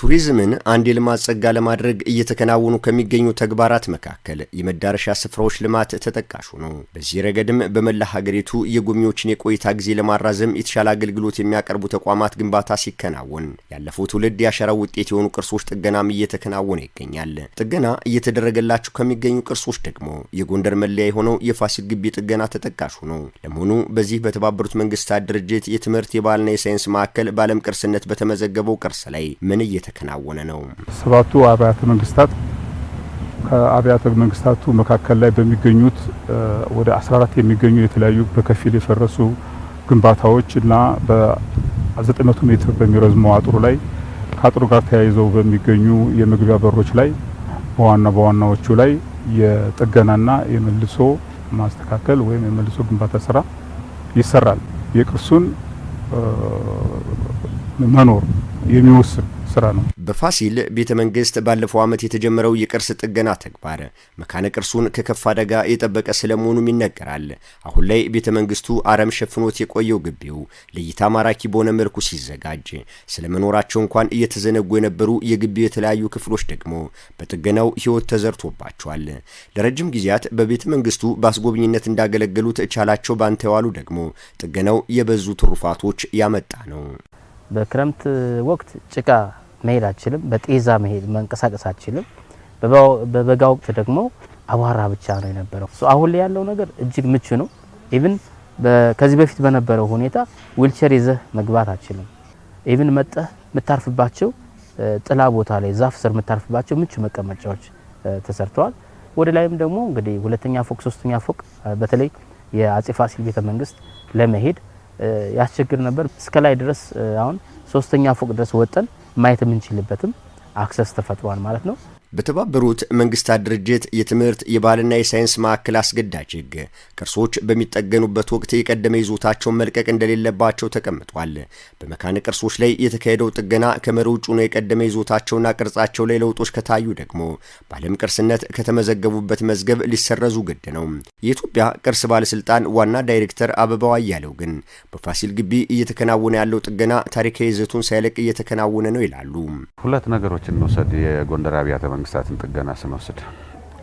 ቱሪዝምን አንድ የልማት ጸጋ ለማድረግ እየተከናወኑ ከሚገኙ ተግባራት መካከል የመዳረሻ ስፍራዎች ልማት ተጠቃሹ ነው። በዚህ ረገድም በመላ ሀገሪቱ የጎብኚዎችን የቆይታ ጊዜ ለማራዘም የተሻለ አገልግሎት የሚያቀርቡ ተቋማት ግንባታ ሲከናወን፣ ያለፈው ትውልድ ያሸራው ውጤት የሆኑ ቅርሶች ጥገናም እየተከናወነ ይገኛል። ጥገና እየተደረገላቸው ከሚገኙ ቅርሶች ደግሞ የጎንደር መለያ የሆነው የፋሲል ግቢ ጥገና ተጠቃሹ ነው። ለመሆኑ በዚህ በተባበሩት መንግስታት ድርጅት የትምህርት የባህልና የሳይንስ ማዕከል በዓለም ቅርስነት በተመዘገበው ቅርስ ላይ ምን እየተ እየተከናወነ ነው። ሰባቱ አብያተ መንግስታት ከአብያተ መንግስታቱ መካከል ላይ በሚገኙት ወደ 14 የሚገኙ የተለያዩ በከፊል የፈረሱ ግንባታዎች እና በ900 ሜትር በሚረዝመው አጥሩ ላይ ከአጥሩ ጋር ተያይዘው በሚገኙ የመግቢያ በሮች ላይ በዋና በዋናዎቹ ላይ የጥገናና የመልሶ ማስተካከል ወይም የመልሶ ግንባታ ስራ ይሰራል። የቅርሱን መኖር የሚወስን ስራ ነው። በፋሲል ቤተ መንግስት ባለፈው ዓመት የተጀመረው የቅርስ ጥገና ተግባር መካነ ቅርሱን ከከፍ አደጋ የጠበቀ ስለመሆኑም ይነገራል። አሁን ላይ ቤተ መንግስቱ አረም ሸፍኖት የቆየው ግቢው ለእይታ ማራኪ በሆነ መልኩ ሲዘጋጅ ስለመኖራቸው እንኳን እየተዘነጉ የነበሩ የግቢው የተለያዩ ክፍሎች ደግሞ በጥገናው ህይወት ተዘርቶባቸዋል። ለረጅም ጊዜያት በቤተ መንግስቱ በአስጎብኝነት እንዳገለገሉት ቻላቸው ባንተዋሉ ደግሞ ጥገናው የበዙ ትሩፋቶች ያመጣ ነው። በክረምት ወቅት ጭቃ መሄድ አችልም፣ በጤዛ መሄድ መንቀሳቀስ አችልም። በበጋ ወቅት ደግሞ አቧራ ብቻ ነው የነበረው። አሁን ላይ ያለው ነገር እጅግ ምቹ ነው። ኢቭን ከዚህ በፊት በነበረው ሁኔታ ዊልቸር ይዘህ መግባት አችልም። ኢቭን መጠህ የምታርፍባቸው ጥላ ቦታ ላይ ዛፍ ስር የምታርፍባቸው ምቹ መቀመጫዎች ተሰርተዋል። ወደ ላይም ደግሞ እንግዲህ ሁለተኛ ፎቅ፣ ሶስተኛ ፎቅ በተለይ የአጼ ፋሲል ቤተ መንግስት ለመሄድ ያስቸግር ነበር። እስከ ላይ ድረስ አሁን ሶስተኛ ፎቅ ድረስ ወጠን ማየት የምንችልበትም አክሰስ ተፈጥሯል ማለት ነው። በተባበሩት መንግስታት ድርጅት የትምህርት የባህልና የሳይንስ ማዕከል አስገዳጅ ህግ ቅርሶች በሚጠገኑበት ወቅት የቀደመ ይዞታቸውን መልቀቅ እንደሌለባቸው ተቀምጧል። በመካነ ቅርሶች ላይ የተካሄደው ጥገና ከመሪ ውጭ ነው። የቀደመ ይዞታቸውና ቅርጻቸው ላይ ለውጦች ከታዩ ደግሞ በዓለም ቅርስነት ከተመዘገቡበት መዝገብ ሊሰረዙ ግድ ነው። የኢትዮጵያ ቅርስ ባለስልጣን ዋና ዳይሬክተር አበባው አያሌው ግን በፋሲል ግቢ እየተከናወነ ያለው ጥገና ታሪካዊ ይዘቱን ሳይለቅ እየተከናወነ ነው ይላሉ። ሁለት ነገሮችን እንውሰድ። የጎንደር አብያተ መንግስታትን ጥገና ስንወስድ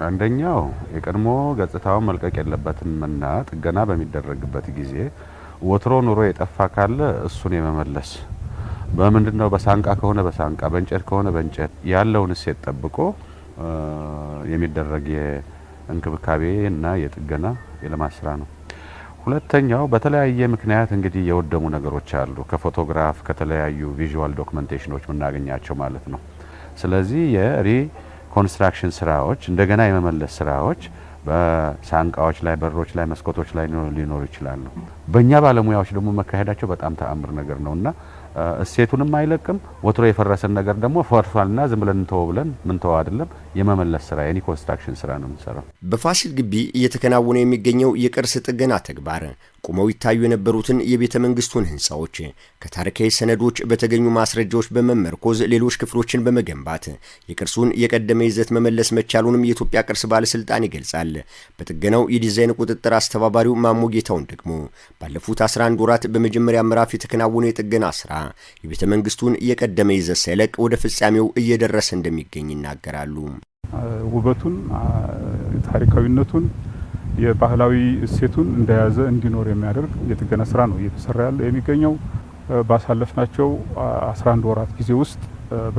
አንደኛው የቀድሞ ገጽታውን መልቀቅ የለበትምና ጥገና በሚደረግበት ጊዜ ወትሮ ኑሮ የጠፋ ካለ እሱን የመመለስ በምንድን ነው? በሳንቃ ከሆነ በሳንቃ በእንጨት ከሆነ በእንጨት ያለውን እሴት ጠብቆ የሚደረግ የእንክብካቤ እና የጥገና የልማት ስራ ነው። ሁለተኛው በተለያየ ምክንያት እንግዲህ የወደሙ ነገሮች አሉ። ከፎቶግራፍ ከተለያዩ ቪዥዋል ዶክመንቴሽኖች የምናገኛቸው ማለት ነው። ስለዚህ የሪ ኮንስትራክሽን ስራዎች፣ እንደገና የመመለስ ስራዎች በሳንቃዎች ላይ በሮች ላይ መስኮቶች ላይ ሊኖሩ ይችላሉ። በእኛ ባለሙያዎች ደግሞ መካሄዳቸው በጣም ተአምር ነገር ነውና እሴቱንም አይለቅም። ወትሮ የፈረሰን ነገር ደግሞ ፈርሷልና ዝም ብለን እንተወ ብለን ምንተወ አይደለም የመመለስ ስራ የኒ ኮንስትራክሽን ስራ ነው የምንሰራው። በፋሲል ግቢ እየተከናወነ የሚገኘው የቅርስ ጥገና ተግባር ቁመው ይታዩ የነበሩትን የቤተ መንግስቱን ህንፃዎች ከታሪካዊ ሰነዶች በተገኙ ማስረጃዎች በመመርኮዝ ሌሎች ክፍሎችን በመገንባት የቅርሱን የቀደመ ይዘት መመለስ መቻሉንም የኢትዮጵያ ቅርስ ባለስልጣን ይገልጻል። በጥገናው የዲዛይን ቁጥጥር አስተባባሪው ማሞጌታውን ደግሞ ባለፉት 11 ወራት በመጀመሪያ ምዕራፍ የተከናወነ የጥገና ስራ የቤተ መንግስቱን እየቀደመ ይዘት ሳይለቅ ወደ ፍጻሜው እየደረሰ እንደሚገኝ ይናገራሉ። ውበቱን፣ ታሪካዊነቱን፣ የባህላዊ እሴቱን እንደያዘ እንዲኖር የሚያደርግ የጥገና ስራ ነው እየተሰራ ያለ የሚገኘው። ባሳለፍናቸው 11 ወራት ጊዜ ውስጥ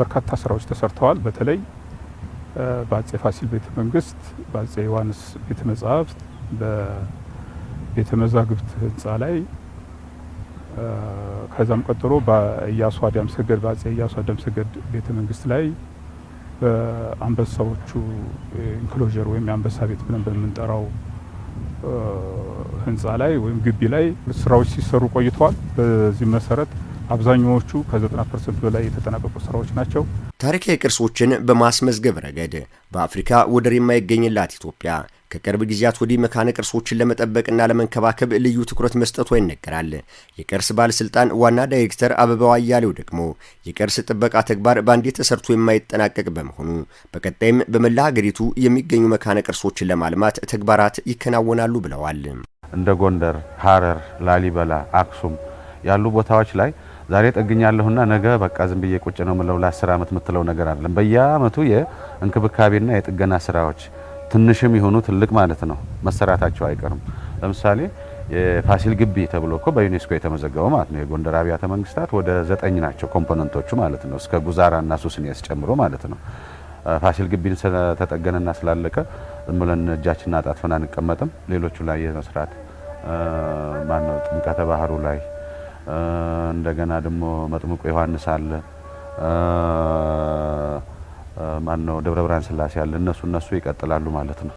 በርካታ ስራዎች ተሰርተዋል። በተለይ በአጼ ፋሲል ቤተ መንግስት፣ በአጼ ዮሐንስ ቤተ መጻሕፍት፣ በቤተ መዛግብት ህንፃ ላይ ከዛም ቀጥሎ በኢያሱ አዳም ሰገድ በአጼ ኢያሱ አዳም ሰገድ ቤተ መንግስት ላይ በአንበሳዎቹ ኢንክሎዥር ወይም የአንበሳ ቤት ብለን በምንጠራው ህንፃ ላይ ወይም ግቢ ላይ ስራዎች ሲሰሩ ቆይተዋል። በዚህ መሰረት አብዛኛዎቹ ከ90 ፐርሰንት በላይ የተጠናቀቁ ስራዎች ናቸው። ታሪካዊ ቅርሶችን በማስመዝገብ ረገድ በአፍሪካ ወደር የማይገኝላት ኢትዮጵያ ከቅርብ ጊዜያት ወዲህ መካነ ቅርሶችን ለመጠበቅና ለመንከባከብ ልዩ ትኩረት መስጠቷ ይነገራል። የቅርስ ባለስልጣን ዋና ዳይሬክተር አበባው አያሌው ደግሞ የቅርስ ጥበቃ ተግባር በአንዴ ተሰርቶ የማይጠናቀቅ በመሆኑ በቀጣይም በመላ ሀገሪቱ የሚገኙ መካነ ቅርሶችን ለማልማት ተግባራት ይከናወናሉ ብለዋል። እንደ ጎንደር፣ ሐረር፣ ላሊበላ፣ አክሱም ያሉ ቦታዎች ላይ ዛሬ ጠግኛለሁና ነገ በቃ ዝም ብዬ ቁጭ ነው ምለው ለአስር ዓመት የምትለው ነገር አለም። በየአመቱ የእንክብካቤና የጥገና ስራዎች ትንሽም የሆኑ ትልቅ ማለት ነው መሰራታቸው አይቀርም። ለምሳሌ የፋሲል ግቢ ተብሎ እኮ በዩኔስኮ የተመዘገበ ማለት ነው። የጎንደር አብያተ መንግስታት ወደ ዘጠኝ ናቸው ኮምፖነንቶቹ ማለት ነው እስከ ጉዛራና ሱስንያስ ጨምሮ ማለት ነው። ፋሲል ግቢን ስለተጠገነና ስላለቀ ዝም ብለን እጃችንን አጣጥፈን አንቀመጥም። ሌሎቹ ላይ የመስራት ማነው ጥምቀተ ባህሩ ላይ እንደገና ደግሞ መጥምቁ ዮሐንስ አለ፣ ማን ነው ደብረ ብርሃን ስላሴ አለ። እነሱ እነሱ ይቀጥላሉ ማለት ነው።